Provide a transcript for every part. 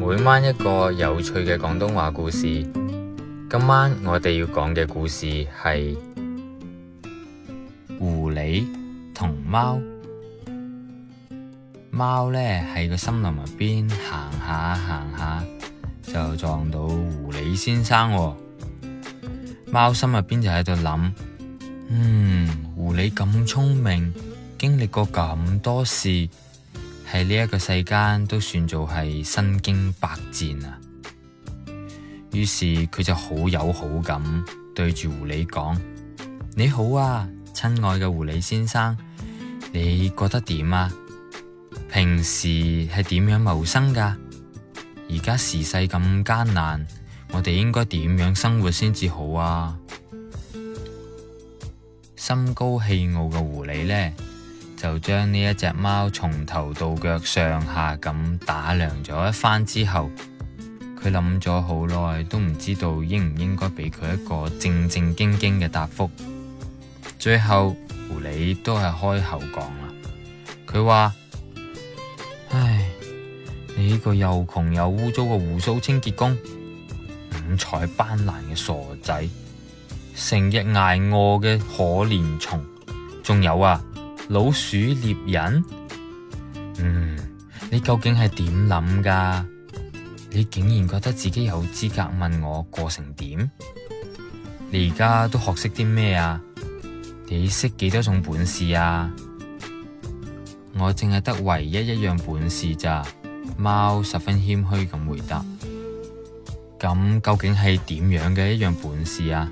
每晚一個有趣嘅廣東話故事，今晚我哋要講嘅故事係狐狸同貓。貓呢喺個森林入邊行下行下，就撞到狐狸先生。貓心入邊就喺度諗：嗯，狐狸咁聰明，經歷過咁多事。喺呢一個世間都算做係身經百戰啊！於是佢就好友好咁對住狐狸講：你好啊，親愛嘅狐狸先生，你覺得點啊？平時係點樣謀生㗎？而家時勢咁艱難，我哋應該點樣生活先至好啊？心高氣傲嘅狐狸呢。就將呢一隻貓從頭到腳上下咁打量咗一番之後，佢諗咗好耐，都唔知道應唔應該俾佢一個正正經經嘅答覆。最後狐狸都係開口講啦，佢話：唉，你呢個又窮又污糟嘅鬍鬚清潔工，五彩斑斕嘅傻仔，成日捱餓嘅可憐蟲，仲有啊！老鼠獵人，嗯，你究竟係點諗噶？你竟然覺得自己有資格問我過程點？你而家都學識啲咩啊？你識幾多種本事啊？我淨係得唯一一樣本事咋？貓十分謙虛咁回答。咁究竟係點樣嘅一樣本事啊？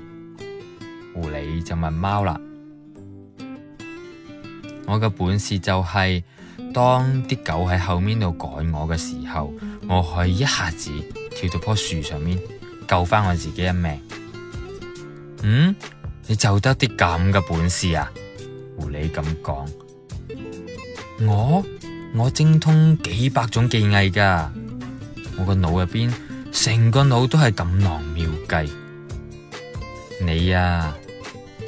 狐狸就問貓啦。我嘅本事就係、是、當啲狗喺後面度趕我嘅時候，我可以一下子跳到棵樹上面救返我自己一命。嗯，你就得啲咁嘅本事啊？狐狸咁講，我我精通幾百種技藝㗎，我的腦裡整個腦入邊成個腦都係錦囊妙計。你啊？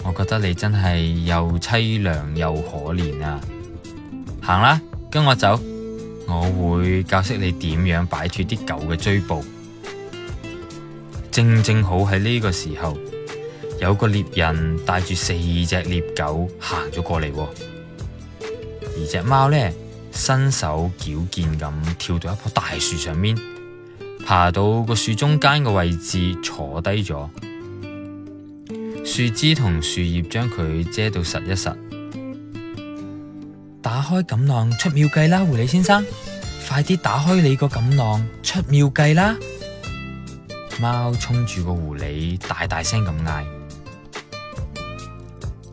我覺得你真係又淒涼又可憐啊！行啦，跟我走，我會教識你點樣擺脫啲狗嘅追捕。正正好喺呢個時候，有個獵人帶住四隻獵狗行咗過嚟，而隻貓呢，身手矯健咁跳到一棵大樹上面，爬到個樹中間嘅位置坐低咗。樹枝同樹葉將佢遮到實一實，打開錦囊出妙計啦，狐狸先生，快啲打開你個錦囊出妙計啦！貓衝住個狐狸大大聲咁嗌。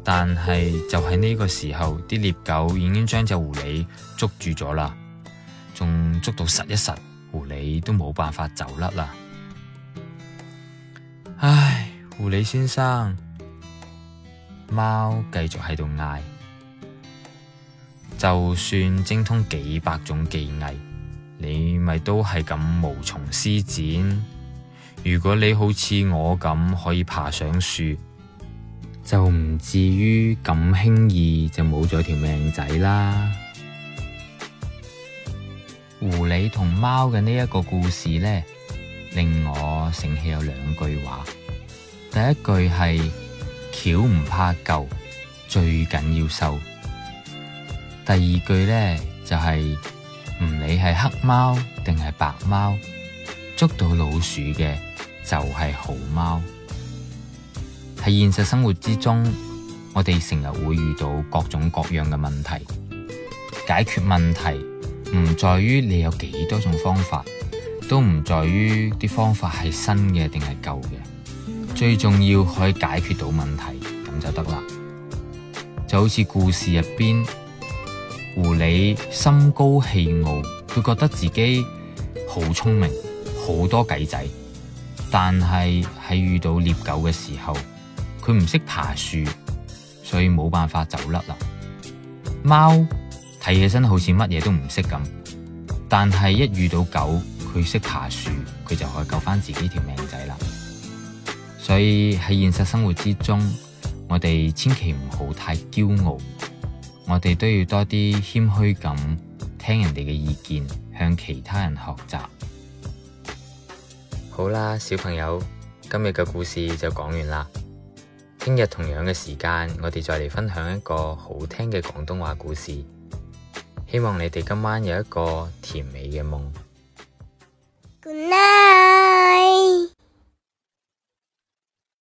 但係就喺呢個時候，啲獵狗已經將隻狐狸捉住咗啦，仲捉到實一實，狐狸都冇辦法走甩啦，唉。狐狸先生，貓繼續喺度嗌。就算精通幾百種技藝，你咪都係咁無從施展。如果你好似我咁可以爬上樹，就唔至於咁輕易就冇咗條命仔啦。狐狸同貓嘅呢一個故事呢，令我醒起有兩句話。第一句係橋唔怕舊，最緊要瘦第二句呢，就係唔理係黑貓定係白貓，捉到老鼠嘅就係好貓。喺現實生活之中，我哋成日會遇到各種各樣嘅問題，解決問題唔在於你有幾多種方法，都唔在於啲方法係新嘅定係舊嘅。最重要可以解決到問題，咁就得啦。就好似故事入邊，狐狸心高氣傲，佢覺得自己好聰明，好多計仔，但係喺遇到獵狗嘅時候，佢唔識爬樹，所以冇辦法走甩啦。貓睇起身好似乜嘢都唔識咁，但係一遇到狗，佢識爬樹，佢就可以救返自己條命仔啦。所以喺現實生活之中，我哋千祈唔好太驕傲，我哋都要多啲謙虛咁聽人哋嘅意見，向其他人學習。好啦，小朋友，今日嘅故事就講完啦。聽日同樣嘅時間，我哋再嚟分享一個好聽嘅廣東話故事。希望你哋今晚有一個甜美嘅夢。Good night。